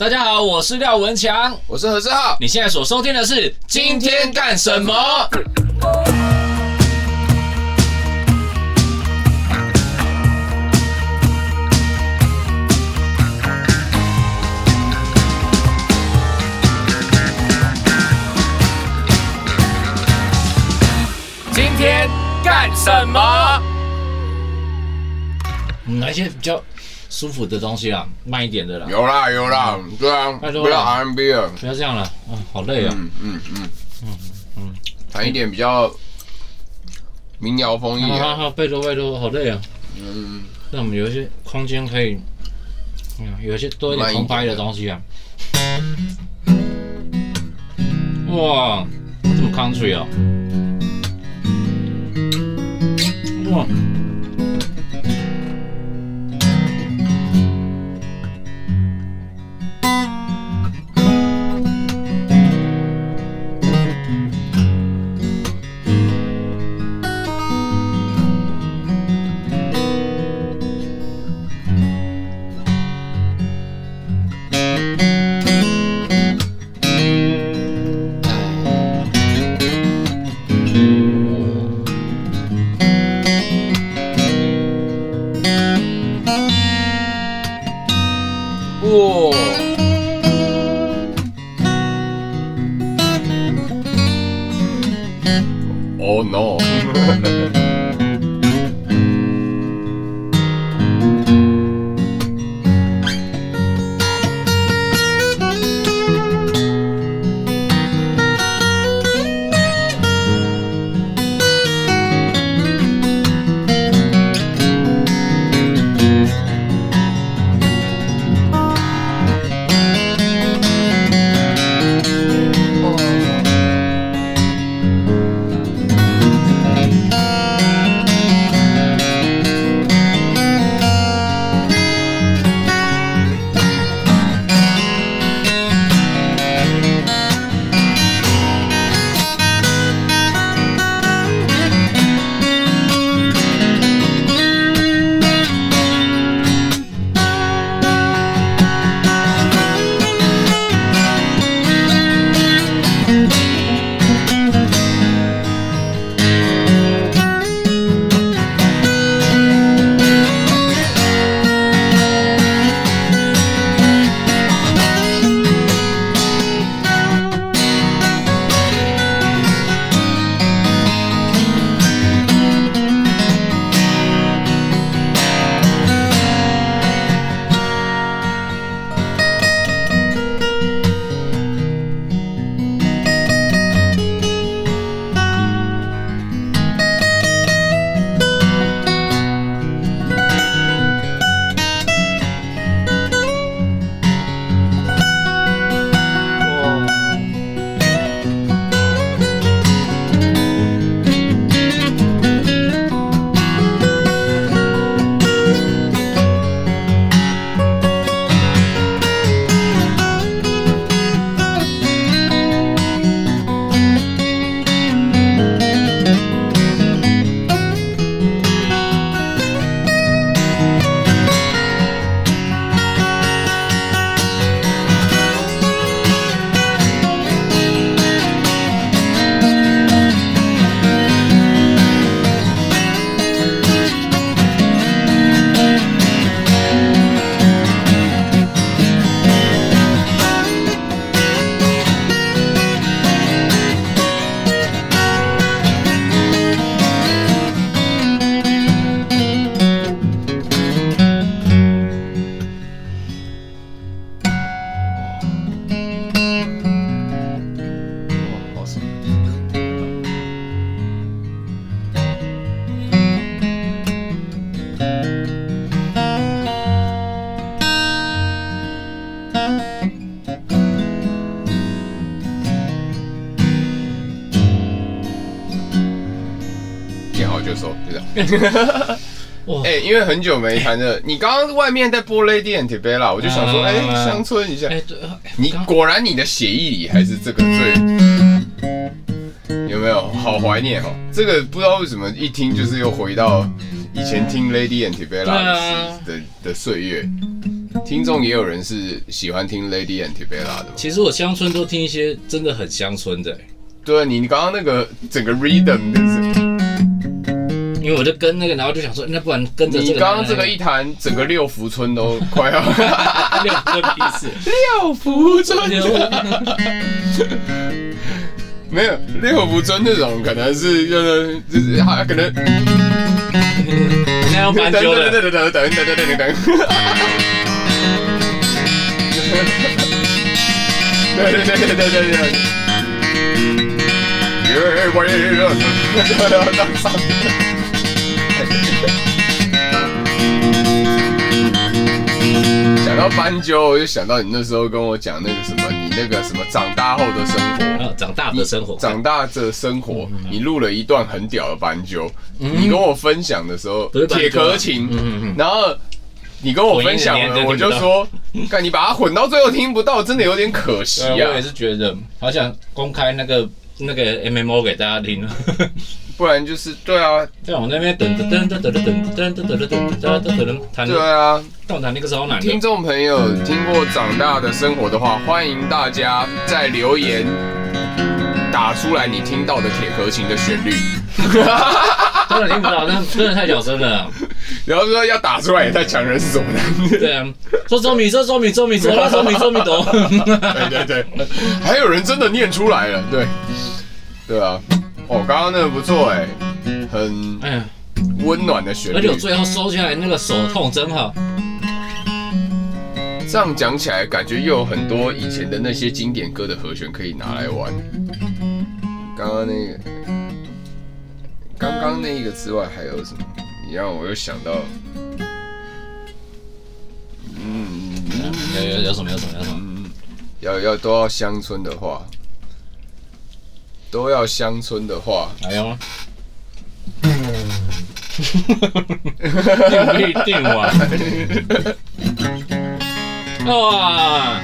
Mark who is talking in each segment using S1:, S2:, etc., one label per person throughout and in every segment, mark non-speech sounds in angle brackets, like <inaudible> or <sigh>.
S1: 大家好，我是廖文強，我是何志浩。你現在所收聽的是今天幹什麼《今天幹什麼》。
S2: 今天幹什麼？
S1: 嗯，還是比較舒服的東西啊，慢一點的啦。有啦有啦，對啊，
S2: 不要 R&B 了，不要這樣了，啊，好累啊。嗯嗯嗯嗯嗯，彈一點比較民謠風一點。啊
S1: 啊，拜託拜託，好累啊。嗯嗯，那我們有一些空間可以，嗯，有一些多一點空拍的東西啊。哇，這麼 country 嗯、哦、哇。
S2: 哈哈哈哎，因為很久沒彈的、欸，你剛剛外面在播 Lady Antebellum、嗯、我就想說，哎、嗯，鄉、欸嗯、村一下、嗯，你、欸、對你果然你的血液裡還是這個最，有沒有？好懷念哦，這個不知道為什麼一聽就是又回到以前聽 Lady Antebellum 的、嗯、的歲月。聽眾也有人是喜歡聽 Lady Antebellum 的，其實我鄉村都聽一些真的很鄉村的、欸。對，你你剛剛那個
S1: 整個 rhythm。因為我就跟那個，然後就想說，那不然跟着你。剛剛這個一談，
S2: 整個六福村都快要六分彼此。六福村。沒有六福村那種，可能是就是就是還可能。 <laughs> 那我們等等等等等等等等。等等等等等等等等等等等等等等然後斑鳩，我就想到你那時候跟我講那個什麼，你那個什麼長大後的生活，長大的生活，長大的生活，你錄了一段很屌的斑鳩，你跟我分享的時候，鐵殼琴，然後你跟我分享了，我就說，看你把它混到最後聽不到，真的有點可惜啊！我也是
S1: 覺得，好想公開那個那個 MMO 給大家聽。
S2: 不然就是對啊，在往那邊等噔等噔等噔噔噔等噔等彈，對啊，再往
S1: 彈那個時候呢。聽
S2: 眾朋友，聽過《長大的生活》的話，歡迎大家在留言打出來你聽到的鐵盒琴的旋律。 <laughs> 真的聽不到，那真的太小聲了。然 <laughs> 後說要打出來也太強人是，是什麼呢？對啊，周周米，周周米，周米，說那周米，周米多。對對對，還有人真的念出來了，對，對啊。哦，剛剛那個不錯哎，很溫暖的旋律。哎、而且我最後收下來那個手痛真好。這樣講起來，感覺又有很多以前的那些經典歌的和弦可以拿來玩。剛剛那個，剛剛那一個之外還有什麼？你讓我又想到，嗯，有有，有什麼，有什麼，有什麼？什有嗯有，要要都要鄉村的話。都要鄉村的話，還有嗎？ <laughs> <laughs> 定位定完， <laughs> <laughs> 啊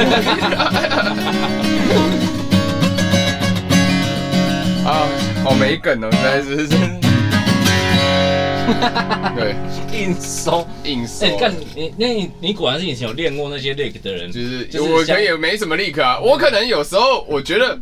S2: 我啊， <laughs> 好，啊 <laughs> 啊哦、沒梗哦，實在是。 <laughs> 對，硬鬆硬鬆。
S1: 哎，看你，那
S2: 你你果然是以前有練過那些 lick 的人，就是。我其實也沒什麼 lick 啊、嗯，我可能有時候我覺得，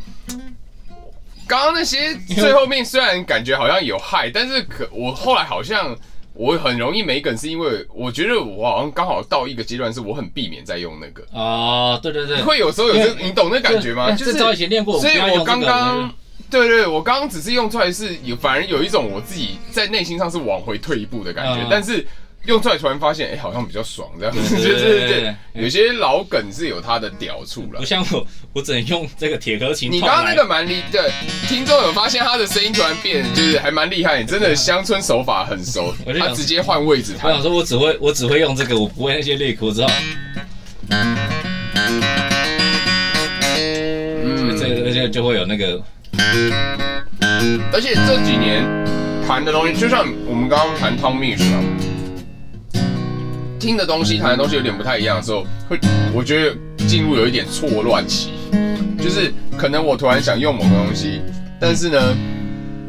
S2: 剛剛那些最後面雖然感覺好像有害，但是可我後來好像。我很容易沒梗，是因為我覺得我好像剛好到一個階段，是我很避免再用那個啊、oh，對對對，會有時候有這個，yeah, 你懂那感覺嗎？欸就，欸、就是我以前練過，所以我剛剛對，對對，我剛剛只是用出來是有，反而有一種我自己在內心上是往回退一步的感覺，uh-huh. 但是。用出來突然發現，哎、欸，好像比較爽這樣。對對對，對， <laughs> 有些老梗是有它的屌處了。不像我，我只能用這個鐵殼琴。你剛剛那個蠻厲，對，聽眾有發現他的聲音突然變，就是還蠻厲害，真的鄉村手法很熟。啊、他我就直接換位置彈。我想
S1: 說我只會我只會用這個，我不會那些裂窟之後。嗯，這個、而且就會有那個，
S2: 而且這幾年彈的東西，就像我們剛剛彈 Tommy 是吧聽的東西、彈的東西有點不太一樣的時候，會我覺得進入有一點錯亂期，就是可能我突然想用某個東西，但是呢，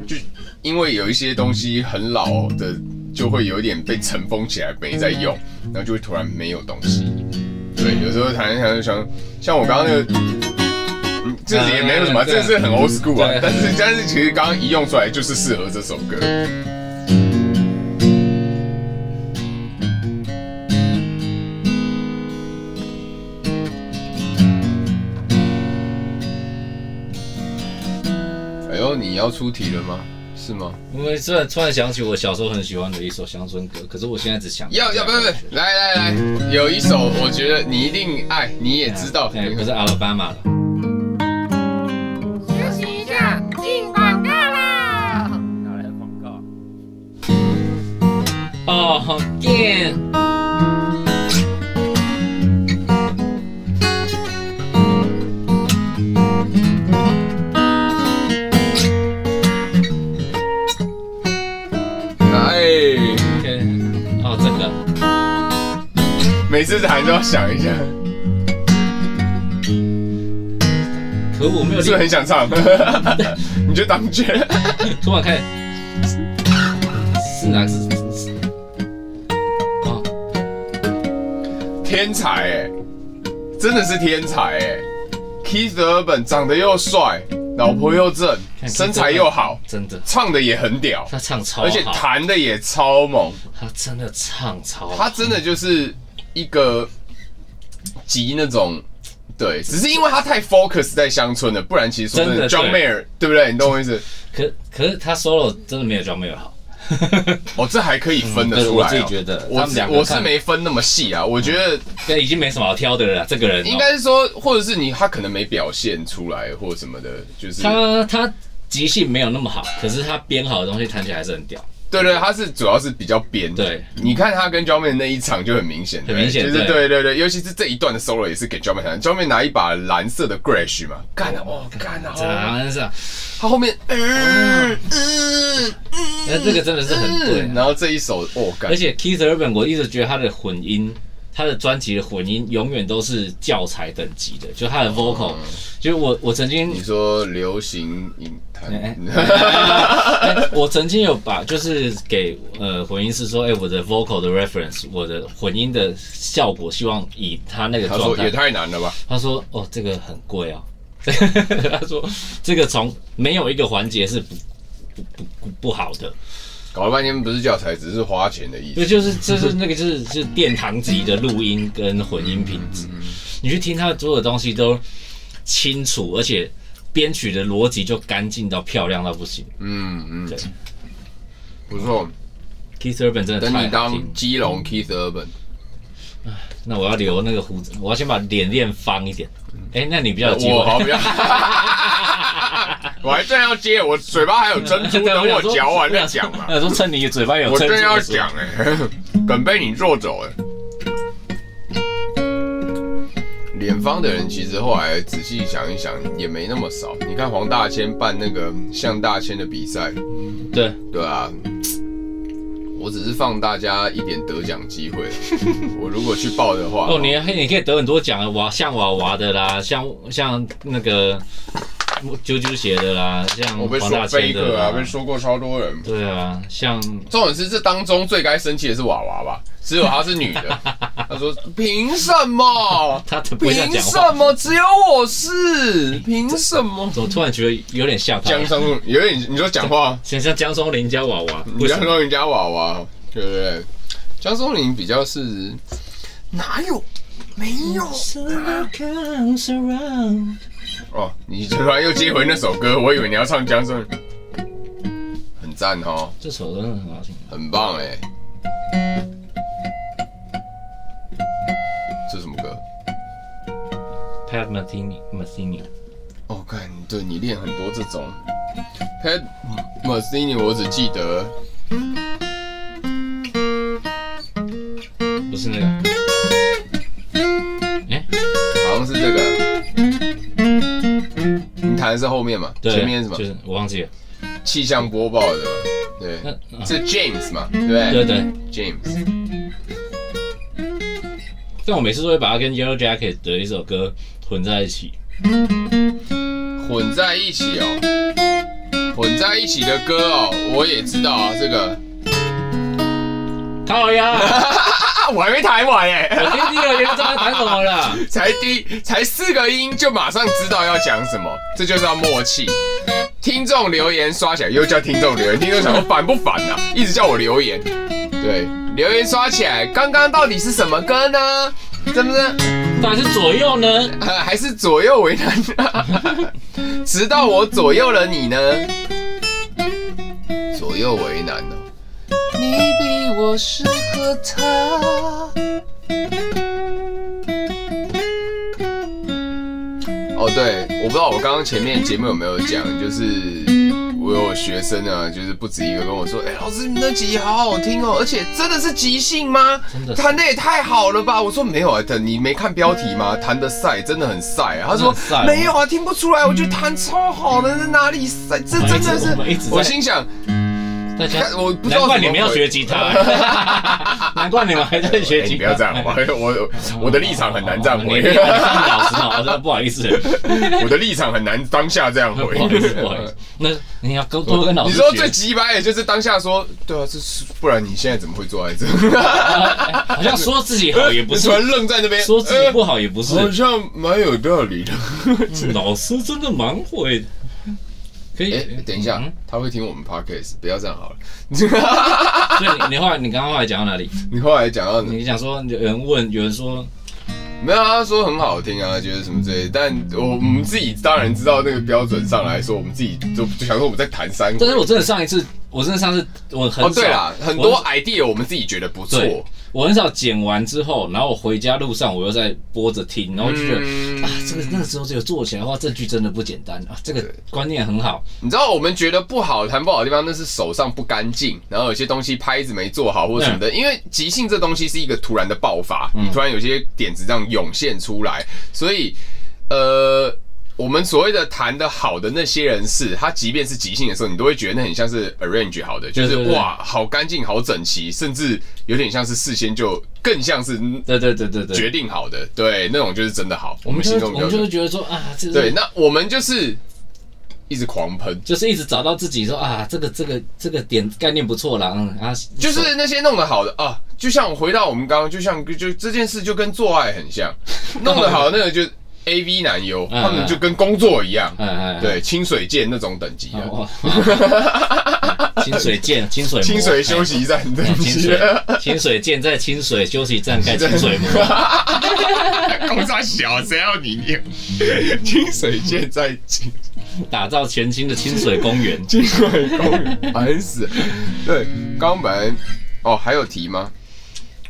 S2: 就因為有一些東西很老的，就會有一點被塵封起來，沒在用，然後就會突然沒有東西。對，有時候彈一彈就想，像我剛剛那
S1: 個，這、嗯、也沒有什麼，這、嗯、是很 old school 啊，但是但
S2: 是其實剛剛一用出來就是適合這首歌。要出題了嗎？是嗎？因為
S1: 這突然想起我小時候很喜歡的一首鄉村歌，可是我現在只想要要，不要，不要。來來來，有一首
S2: 我覺得你一定愛你也知道，嗯、可是阿拉巴馬了。休息一下，進廣告啦！
S3: 哪來的廣告？哦、
S1: oh, yeah，好，變。
S2: 每次彈都要想一下，可我沒有，是不是很想唱？你就當絕，昨晚始。是男
S1: 是？啊，
S2: 天才哎、欸，真的是天才哎！Keith Urban 長得又帥，老婆又正，身材又好，真的，唱的也很屌，他唱超，而且彈的也超猛，他真的唱超，他真的就是。一個集，那種，對，只是因為他太 focus 在鄉村了，不然其實說真的，真的 John Mayer 對，對不對？你懂我意思？可可是他 solo 真的沒有 John Mayer 好， <laughs> 哦，這還可以分得出來、哦嗯。我自己覺得，我是我，是我是沒分那麼細啊、嗯，我覺得對已經沒什麼好挑的了。這個人、哦、應該是說，或者是你他可能沒表現出來，或什麼的，就是他他即興沒有那麼好，可是他編好的東西彈起來還是很屌。對對，他是主要是比較編。對，你看他跟 John Mayer 那一場就很明顯，很明顯。就是、對對對，尤其是這一段的 solo 也是給 John Mayer 唱。John Mayer 拿一把藍色的 Gretsch 嘛，幹了、啊、哦，幹了、啊，好藍色。他後面，嗯嗯嗯，那、嗯、這個真的是很、嗯。然後這一首、嗯、哦，幹。而
S1: 且 Keith Urban，我一直覺得他的混音。他的專輯的混音永遠都是教材等級的，就他的 vocal，、嗯、就我我曾經你說流行音樂、欸欸欸欸，我曾經有把就是給呃混音師說，哎、欸，我的 vocal 的 reference，我的混音的效果，希望以他那個狀態，他說也太難了吧，他說哦這個很貴哦、啊， <laughs> 他說這個從沒有一個環節是不不不不好的。
S2: 老半天不是教材，只是花錢的意思。對、就是，就是這是
S1: 那個、就是，就是是殿堂級的錄音跟混音品質。 <laughs> 你去聽他所有東西都清楚，而且編曲的邏輯就乾淨到漂亮到不行。嗯嗯，對，不錯。Keith Urban 真的等你當基隆 Keith Urban。嗯那我要留那個鬍子，我要先把臉練方一點。哎，那你不要接我好比較， <laughs> <laughs> 我
S2: 還正要接，我嘴巴還有珍珠， <laughs> 等我嚼完再講嘛。那趁你嘴巴有，我正要講哎、欸，梗被你做走哎。 <music> 臉方的人其實後來仔細想一想也沒那麼少，你看黃大謙辦那個像大謙的比賽，對對啊。我只是放大家一點得獎機會。 <laughs> 我如果去報的話，哦，
S1: 你你可以得很多獎啊，娃像娃娃的啦，像像那個。啾啾鞋的啦、啊，像我黃大千的啊，我啊，被說
S2: 過超多人。
S1: 對啊，像
S2: 重點是這當中最該生氣的是娃娃吧？只有她是女的，她 <laughs> 說憑什麼？她憑什麼？只有我是憑、欸、什麼？怎麼突然覺得有點像江松？有點你說講話，想 <laughs> 像，像江松林家娃娃，江松林家娃娃，娃娃，對不對？江松林比較是
S3: 哪有？沒有。
S2: 哦，你突然又接回那首歌，我以為你要唱《江聲》，很贊齁！這首真的很好聽，很棒哎、欸！這什麼歌？Pat Metheny，Metheny 哦，看你、oh, 對你練很多這種 Pat Metheny，我只記得不是那個，哎、欸，好像是這個。還是後面嘛？對，前面什麼？就是我忘記了。氣象播報對嗎？對,對，是 James 嘛？對對對，James。
S1: 但我每次都會把它跟 Yellow Jacket 的一首歌混在一起，
S2: 混在一起哦，
S1: 混在
S2: 一起的歌哦，我也知道啊，這個烤鴨。 <laughs> 我還沒彈完哎，我聽第二遍才知道彈什麼了。才第才四個音就馬上知道要講什麼，這就叫默契。聽眾留言刷起來，又叫聽眾留言。聽眾想說煩不煩吶？一直叫我留言，對，留言刷起來。剛剛到底是什麼歌呢？是不是？還是左右呢？還是左右為難啊？直到我左右了你呢？左右為難啊
S3: 你比我適
S2: 合他。哦，對，我不知道我剛剛前面節目有沒有講，就是我有學生啊，就是不止一個跟我說，哎、欸，老師你那集好好聽哦，而且真的是即興嗎？真的，彈的也太好了吧？我說沒有啊，你沒看標題嗎？彈的賽，真的很賽啊。他說沒有啊，聽不出來，我覺得彈超好的，嗯、哪裡賽？這真的是，是我，我心想。那我不知道，難怪你們要學吉他，欸， <laughs> 難怪你們還在學吉他。欸，不要這樣，我我我的立場很難這樣回。啊，你你老師，喔啊啊，不好意思，欸， <laughs> <laughs> <laughs> 我的立場很難當下這樣回。 <laughs> 意 <laughs> 那你要多多跟老師。你說最直白，也就是當下說，對啊，這是，不然你現在怎麼會坐在這， <laughs> 欸？好像說自己好也不是，呃，愣在那邊。說自己不好也不是。欸，好像蠻有道理的， <laughs> 嗯，老師真的蠻會。可以、欸欸，等一下、嗯，他會聽我們 Podcast，不要這樣好了。 <laughs> 所以你你後來你剛剛後來講到哪裡？你後來講到哪裡？你講說有人問，有人說沒有、啊，他說很好聽啊，覺得什麼之類的。但我，我們自己當然知道那個標準上來說，我們自己就想說我們在談三個。但是我真的上一次，我真的上次
S1: 我很，哦對了，很多 idea 我們自己覺得不錯。我很少剪完之後，然後我回家路
S2: 上我又在播着聽，然後就覺得啊，這個那個
S1: 時候這個做起來的話，這句真的不簡單
S2: 啊。這個觀念很好，你知道我們覺得不好、彈不好的地方，那是手上不乾淨，然後有些東西拍子沒做好或什麼的。因為即興這東西是一個突然的爆發，突然有些點子這樣湧現出來，所以呃。我們所謂的彈的好的那些人是，他即便是即興的時候，你都會覺得那很像是 arrange 好的，就是哇，好乾淨，好整齊，甚至有點像是事先就，更像是對對對對對，決定好的，對，那種就是真的好。我們心中我們就覺得說啊，對，那我們就是一直狂噴，就是一直找到自己說啊，這個這個這個點概念不錯了，啊，就是那些弄得好的啊，就像回到我們剛剛，就像就這件事就跟做愛很像，弄得好的好那個就。A V 男優、嗯，他們就跟工作一樣，嗯、對、嗯、清水健那種等級的、啊嗯。清水健，清水清水休息站，對清水
S1: 清水健在清水休息站蓋清水膜。工小，誰要你念？清水健在清，
S2: 打造全新的清水公園。清水公園，煩死。對，肛門。哦，還有題嗎？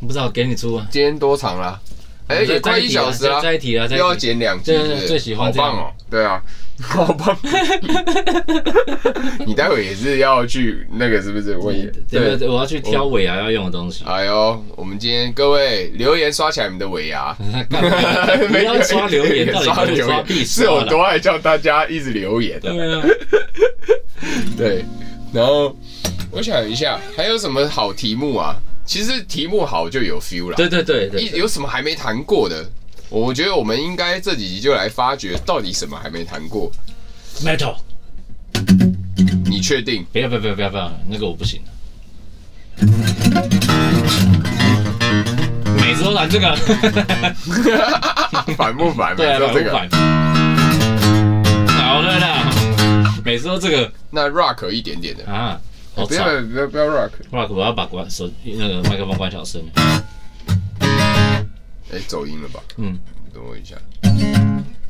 S2: 不知道，給你出。今天多長了啊？哎、欸，一也快一小時啊！再了再了再又要剪兩集，最喜歡，好棒哦、喔！對啊，好棒！你待會也是要去那個，是不是？我對，對，我要去挑尾牙要用的東西。哎呦，我們今天各位留言刷起來，你們的尾牙，沒 <laughs> 有 <laughs> 刷留言， <laughs> 刷留言是有多愛叫大家一直留言。對、啊、 <laughs> 對，然後 <laughs> 我想一下，還有什麼好題目啊？其實題目好就有 feel 了。對對對，對，一有什麼還沒談過的，我覺得我們應該這幾集就來發掘到底什麼還沒談過 Metal。Metal，你確定？不要不要不要不要，那個我不行。每次都彈這個，煩不煩？對啊，煩不煩？好了了，每次都這個，那 rock 一點點的
S1: 啊。Oh, 不要
S2: 不要不要 rock
S1: rock 我要把關手機那個麥克風關小聲。哎、
S2: 欸，走音了吧？嗯，等我一下。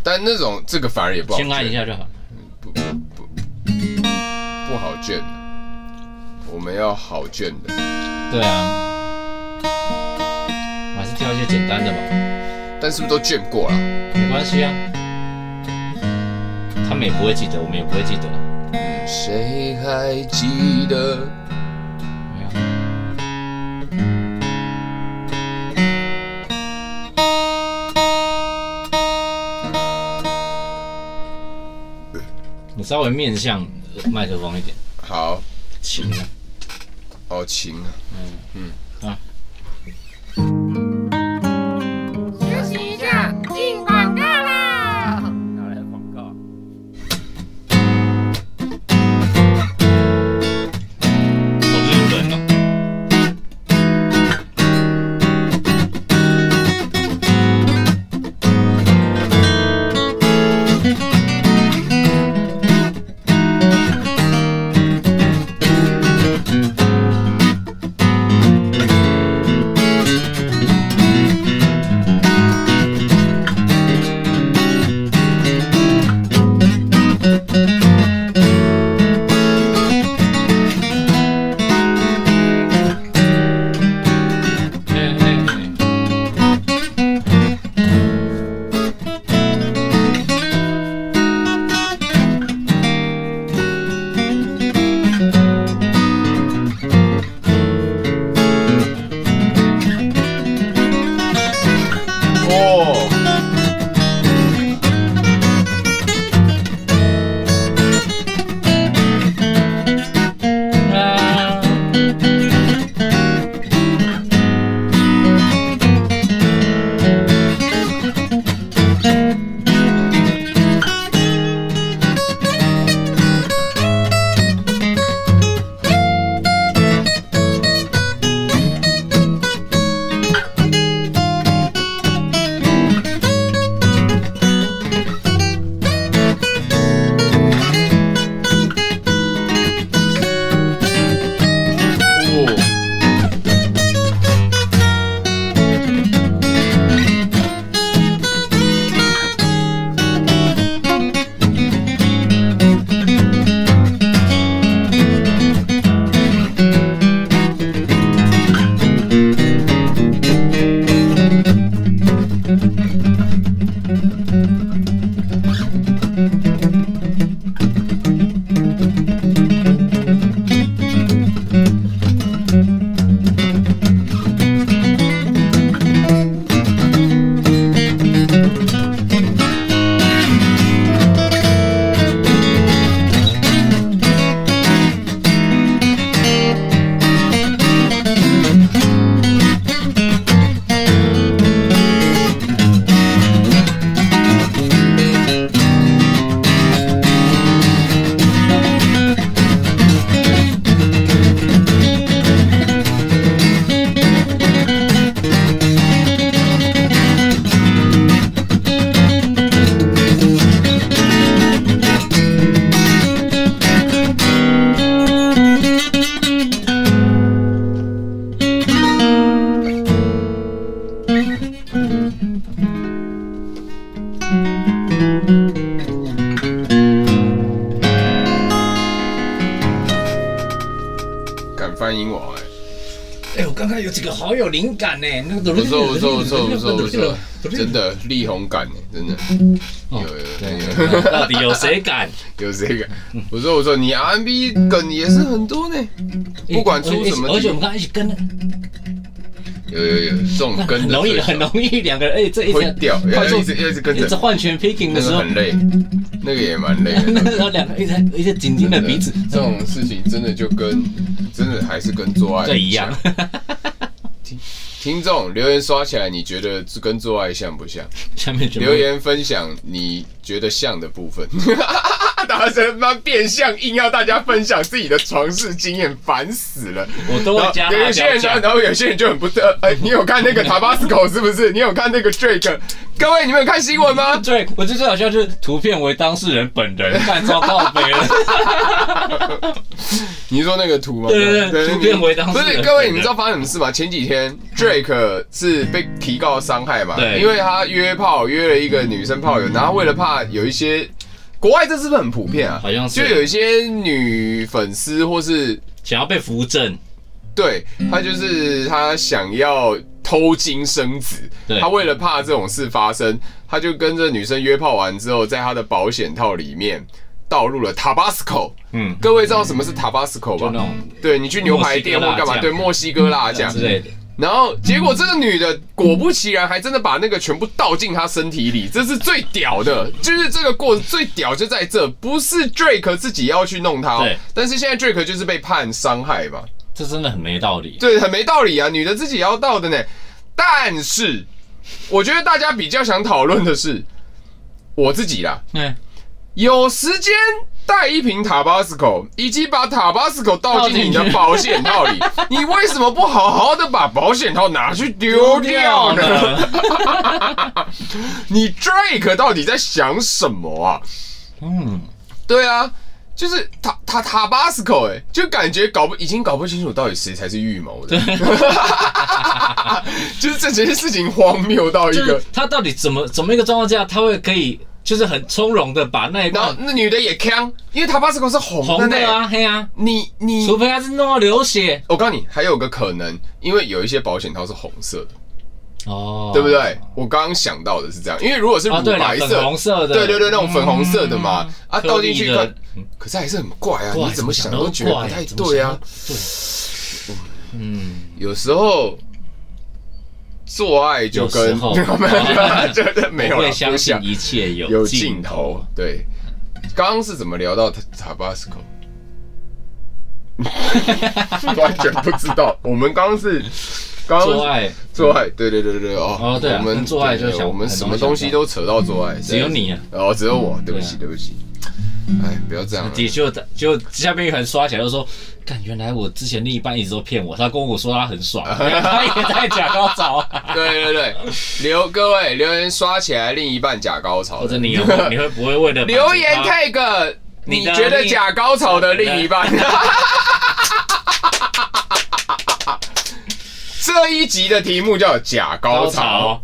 S2: 但那種這個反而也不好。先按一下就好了。不不不，不，不好卷，我們要好卷的。對啊，我還是挑一些簡單的吧。但是不是都卷過了？沒關係啊，他們也不
S1: 會記得，我們也不會記得。
S2: 誰還記得？
S1: 你稍微面向麥克風一點，好，輕啊，好
S2: 輕啊，嗯嗯。好有靈感
S1: 呢，那個。我說我真
S2: 的力宏呢、嗯，語音不說不說不說真的。有有有、哦啊。到底有誰敢？ <laughs> 啊、有誰敢？嗯、我說我說你 R&B 梗也是很多呢，不管出什麼、欸。而且、欸、我，我們剛一起跟。有，有有有，這種跟容易很容易兩個人哎，這一直會掉，要一直要一直跟着。換拳 picking 的時候那個很累，那個也蠻累的的、啊。那個時候兩個一直且緊緊的彼此的、啊，這種事情真的就跟真的還是跟做愛一樣。 <laughs> 聽眾留言刷起來，你覺得跟做愛像不像？下面留言分享你覺得像的部分。 <laughs> 打人嗎？變相硬要大家分享自己的床事經驗，煩死了。我都會加。有些人就，然後有些人就恨不得。哎、欸，你有看那個 Tabasco 是不是？ <laughs> 你有看那個 Drake？各位，你們有看
S1: 新聞嗎、嗯？對，我這最好笑就是圖片為當事人本人，看
S2: 招告白了。 <laughs> <laughs> 你說那個圖嗎對對對對？對對對，圖片不是，各位，對對對你們知道發生什麼事嗎？前幾天 Drake 是被提告傷害嘛？因為他約炮約了一個女生炮友，嗯、然後為了怕有一些、嗯、國外，這是不是很普遍啊、嗯？好像是。就有一些女粉絲或是想要被扶正，對他就是他想要偷精生子、嗯，他為了怕這種事發生，他就跟這女生約炮完之後，在他的保險套裡面。倒入了 Tabasco，嗯，各位知道什麼是 Tabasco 吧？對，你去牛排店或幹嘛？對，墨西哥辣醬之類的。然後結果，這個女的果不其然，還真的把那個全部倒進她身體裡，這是最屌的。 <laughs> 就是這個過程最屌就在這，不是 Drake 自己要去弄她，哦。對，但是現在 Drake 就是被判傷害吧？這真的很沒道理啊，對，很沒道理啊！女的自己要倒的呢，但是我覺得大家比較想討論的是 <laughs> 我自己啦，嗯、欸。有時間帶一瓶塔巴斯科，以及把塔巴斯科倒進你的保險套裡，你為什麼不好好的把保險套拿去丟掉呢？你 Drake 到底在想什麼啊？嗯，對啊，就是塔塔塔巴斯科，哎，就感覺搞不已經搞不清楚到底誰才是預謀的。就是這件事情荒謬到一個，
S1: 他到底怎麼怎麼一個狀況下他會可以？就是很從容的把那一刀、no，那女的也
S2: 扛，因為她巴士光是紅的、欸、紅的啊，黑啊，你你，除非她是弄到流血。我告訴你，還有個可能，因為有一些保險套是紅色的，哦，對不對？哦、我剛剛想到的是這樣，因為如果是乳白色、啊、粉紅色的，對對對，那種粉紅色的嘛，嗯、啊，倒進去可可是還是很怪啊，你怎麼想都覺得、啊、不太對啊。對，啊對啊，嗯，有時候。做愛就跟我們覺得沒有了、啊，我會相信一切有盡頭。對，剛剛是怎麼聊到 Tabasco？完全不知道。我們剛剛是剛做愛，做、嗯、愛，對對對對對哦，哦對、啊。我們做愛就想，想我們什麼東西都扯到做愛，只有你啊。哦，只有我，嗯、對不起，對、啊、對不起。哎，
S1: 不要這樣！就就下面有人刷起來，就說，幹，原來我之前另一半一直都騙我，他跟我說他很爽， <laughs> 他也
S2: 在假高潮。 <laughs> 對對對，留各位留言刷起來，另一半假高潮，或者你有 <laughs> 你會不會問的？留言 tag 你覺得假高潮的另一半？ <laughs> 這一集的題目叫假高潮。高潮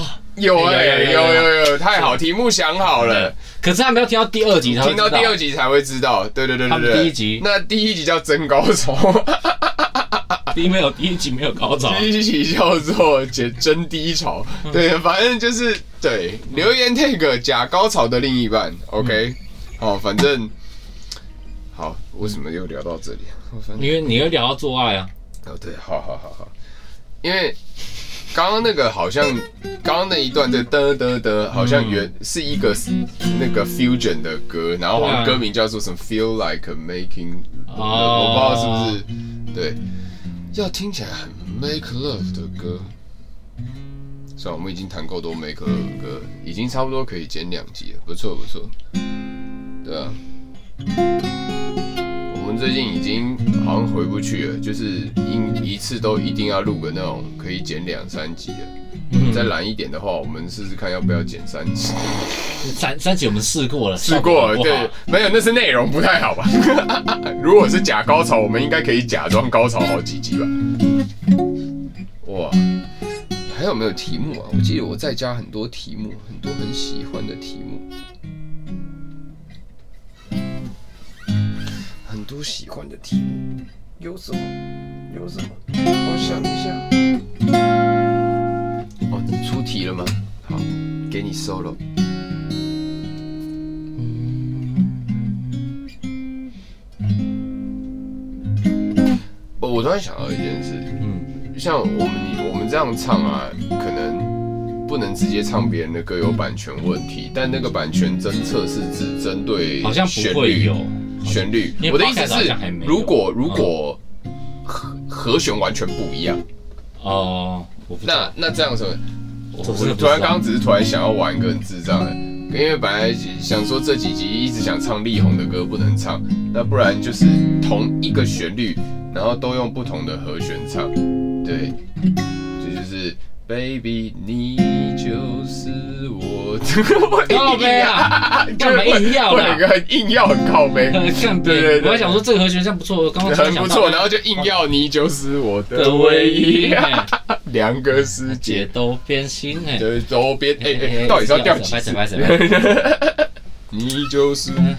S2: 哦、有哎，欸、有，有，有，有，有，有，有有有，太好，題目想好了。好可是他沒有聽到第二集會，聽到第二集才會知道。對對對對，對，第一集，那第一集叫真高潮， <laughs> 第一沒有第一集沒有高潮，第一集叫做真低潮。 <laughs> 對，反正就是對，留言 tag 假高潮的另一半，OK，嗯。哦，反正 <coughs> 好，為什麼又聊到這裡？嗯、你要聊到做愛啊。哦，對，好，好，好，好，因為。剛剛那個好像，剛剛那一段在噔噔噔，好像原、嗯、是一個那個 fusion 的歌，然後好像歌名叫做什麼、啊、feel like making，、oh、我不知道是不是對，要聽起來很 make love 的歌。算了，我們已經彈夠多 make love 的歌，已經差不多可以剪兩集了，不錯不錯，對吧、啊？我們最近已經好像回不去了，就是一一次都一定要錄個那種可以剪兩三集的。嗯、再懶一點的話，我們試試看要不要剪三集。三三集我們試過了，試過了，對，沒有，那是內容不太好吧？ <laughs> 如果是假高潮，我們應該可以假裝高潮好幾集吧？哇，還有沒有題目啊？我記得我在家很多題目，很多很喜歡的題目。都喜歡的題目有什麼？有什麼？我想一下。哦，你出題了嗎？好，給你 solo。嗯。我突然想到一件事，嗯，像我們我們這樣唱啊，可能不能直接唱別人的歌，有版權問題。但那個版權偵測是只針對旋律，好像不會有。旋律，我的意思是，如果如果和和弦完全不一樣，哦、嗯，那那這樣子，我突然剛剛只是突然想要玩一個很智障的，因為本來想說這幾集一直想唱力宏的歌不能唱，那不然就是同一個旋律，然後都用不同的和弦唱，對。Baby，你就是我的唯一。靠背啊！我、啊、 <laughs> 硬要的。我兩個很硬要很，很靠背。很硬對對對，我還想說這個和弦像不錯，剛剛、那個、很不錯，然後就硬要你就是我的唯一。兩、啊哎、個師姐、啊、都變心哎，都變哎哎，到底是要掉幾級？ <laughs> 你就是。嗯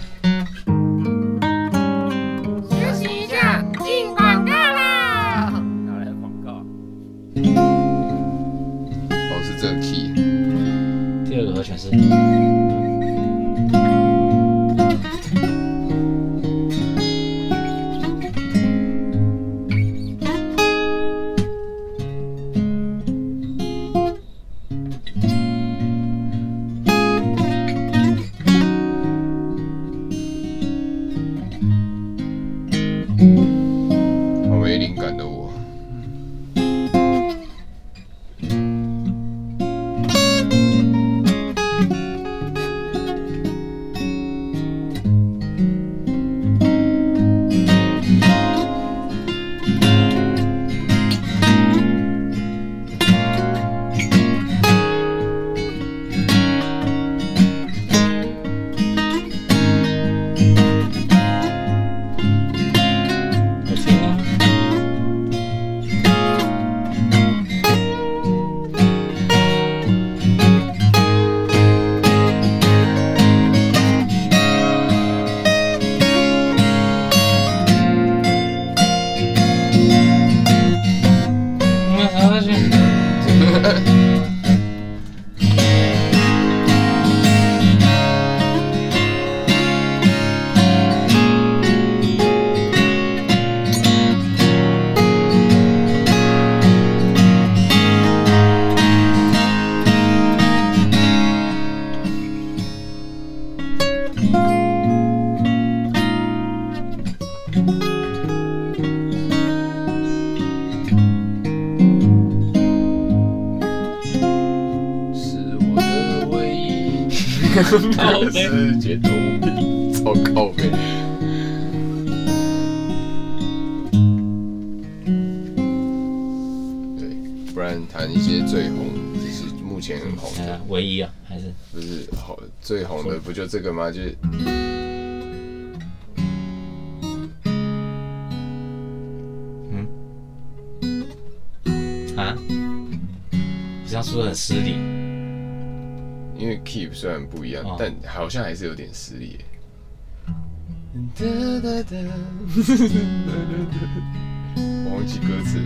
S2: <laughs> 他得我的視覺作品糟糕唄。對，不然彈一些最紅，就是目前很紅的，紅的、嗯啊。唯一啊，還是不是好最紅的不就這個嗎？就是嗯啊，這樣是不是說很失禮？因為 keep 雖然不一樣、哦，但好像還是有點失憶、哦。忘記歌詞，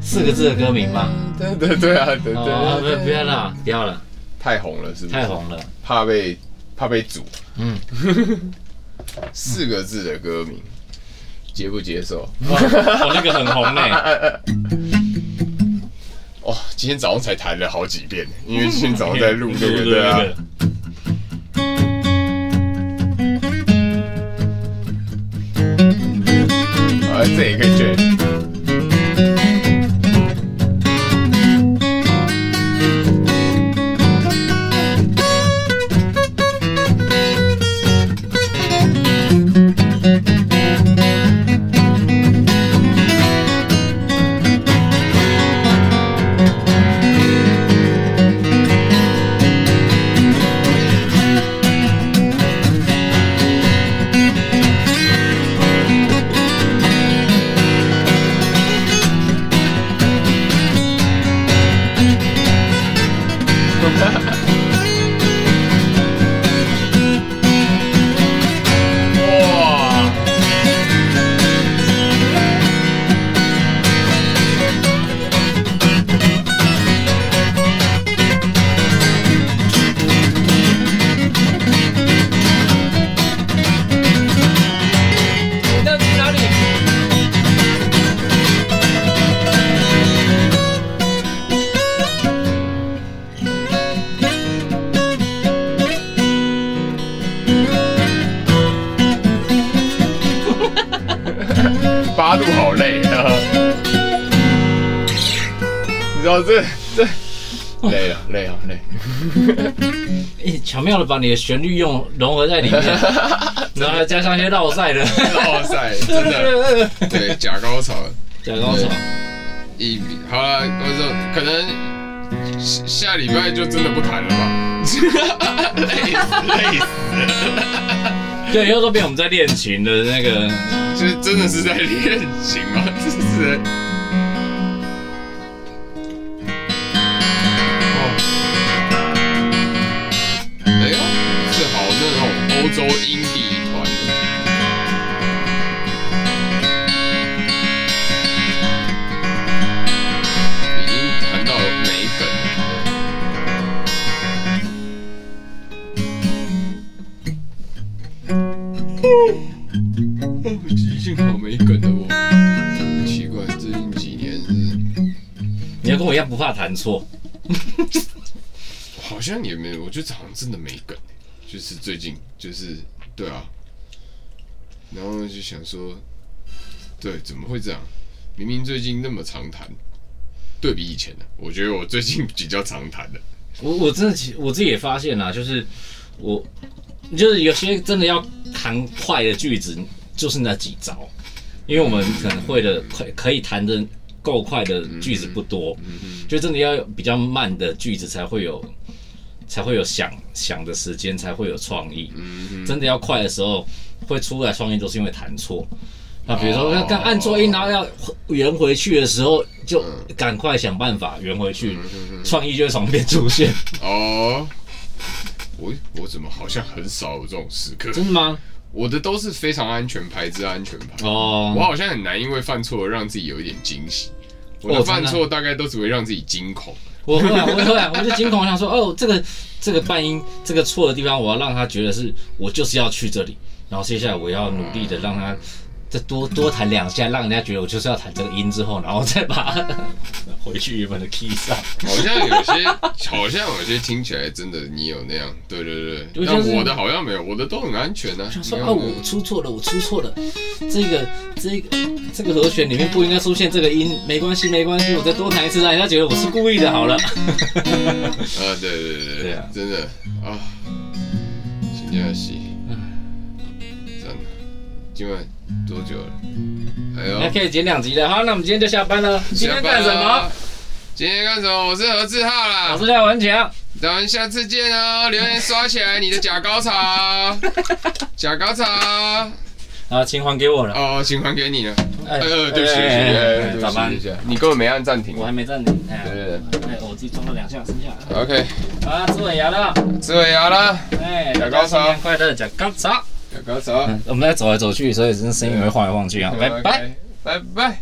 S1: 四個字的歌名嗎？對對對啊，對對，對。
S2: 啊、哦，不要了，不要了，太紅了，是不是？太紅了，怕被怕被組。嗯。四個字的歌名，接不接受？我、 <laughs> 哦、那個很紅誒。 <laughs> 哦，今天早上才彈了好幾遍，因為今天早上在錄、嗯，對不對，對，對，對啊對對對？好，這一個曲。八度
S3: 好
S2: 累啊！你知
S1: 道這這累啊，累啊，累。 <laughs> <laughs> 欸、巧妙的把你的旋律用融合在裡
S2: 面，然後加上一些繞賽的繞 <laughs> 賽，真的 <laughs> 對假高潮，假高潮。一好了，我說可能下下禮拜就真的不談了吧。 <laughs> <laughs> 累死，累死！ <laughs> 對，又說變我們在練琴的那個，就是真的是在練琴嗎？是不是。我也不怕彈錯， <laughs> 好像也沒有，我覺得好像真的沒梗、欸。就是最近，就是對啊，然後就想說，對，怎麼會這樣？明明最近那麼常彈，對比以前呢？我覺得我最近比較常彈的，我我真的我自己也發現了、啊，就是我就是有
S1: 些真的要彈快的句子，就是那幾招，因為我們可能會的，可可以彈的。夠快的句子不多，嗯嗯嗯、就真的要有比較慢的句子才會有，才會有想想的時間，才會有創意、嗯嗯。真的要快的時候，會出來創意，都是因為彈錯。那比如說，剛、哦、按錯，音，然後要圓回去的時候，就趕快想辦法圓回去，創、嗯嗯嗯、意就會從邊出現。嗯嗯、
S2: <laughs> 哦，我我怎麼好像很少有這種時刻？真的嗎？我的都是非常安全牌，之安全牌。哦、oh.，我好像很難，因為犯錯而讓自己有一點驚喜。我犯錯大概都只會讓自己驚恐。Oh, not... <laughs> 我會，我會，我就驚恐，
S1: <laughs> 我想說，哦，這個，這個半音，嗯、這個錯的地方，我要讓他覺得是我就是要去這裡，然後接下來我要努力的讓他、嗯。讓他再多多彈兩下，讓人家覺得我就是要彈這個音之後，然後再把呵呵回去原本的 key 上。好像有些，
S2: <laughs> 好像有些聽起來真的你有那樣，對對對。但我的好像沒有，我的都很安全呢、啊。想說啊，我
S1: 出錯了，我出錯了。這個這個這個和弦裡面不應該出現這個音，沒關係沒關係，我再多彈一次，讓人家覺得我是故意的，好了。
S2: <laughs> 啊，對對對對真的啊，真的要死，真、啊、的、嗯、今晚。多久了，哎？還可以剪
S1: 兩集的，好，那我們今天就下班了。今天幹什麼？
S2: 啊、今天幹什麼？我是何志浩啦，我是王強。咱們下次見哦，喔，留言刷起來，你的假高潮，假高潮。 <laughs> 啊，請還給我了，哎。哦，請還給你了。哎，哎，呃，對不起，哎哎哎哎對不起，下，哎哎哎、班。你根本沒按暫停，啊。我還沒暫停，啊。
S1: 哎，我，我自己裝了兩
S2: 下，剩下，啊 okay 好。OK。啊，吃尾
S1: 牙了。吃尾牙了。哎，假高潮。
S2: 快點，假高潮。哥哥
S1: 走，嗯，我們在走來走去，所以這聲音會晃來晃去啊，嗯！拜拜，拜
S2: 拜。拜拜。